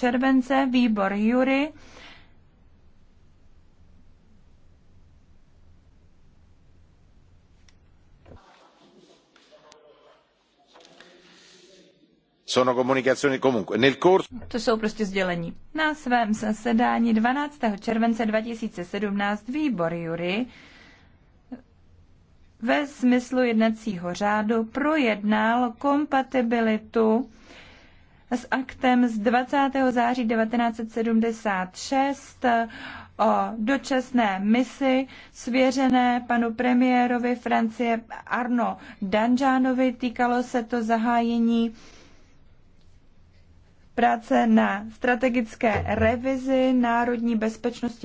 července výbor Jury To jsou prostě sdělení. Na svém zasedání 12. července 2017 výbor Jury ve smyslu jednacího řádu projednal kompatibilitu s aktem z 20. září 1976 o dočasné misi svěřené panu premiérovi Francie Arno Danžánovi. Týkalo se to zahájení práce na strategické revizi národní bezpečnosti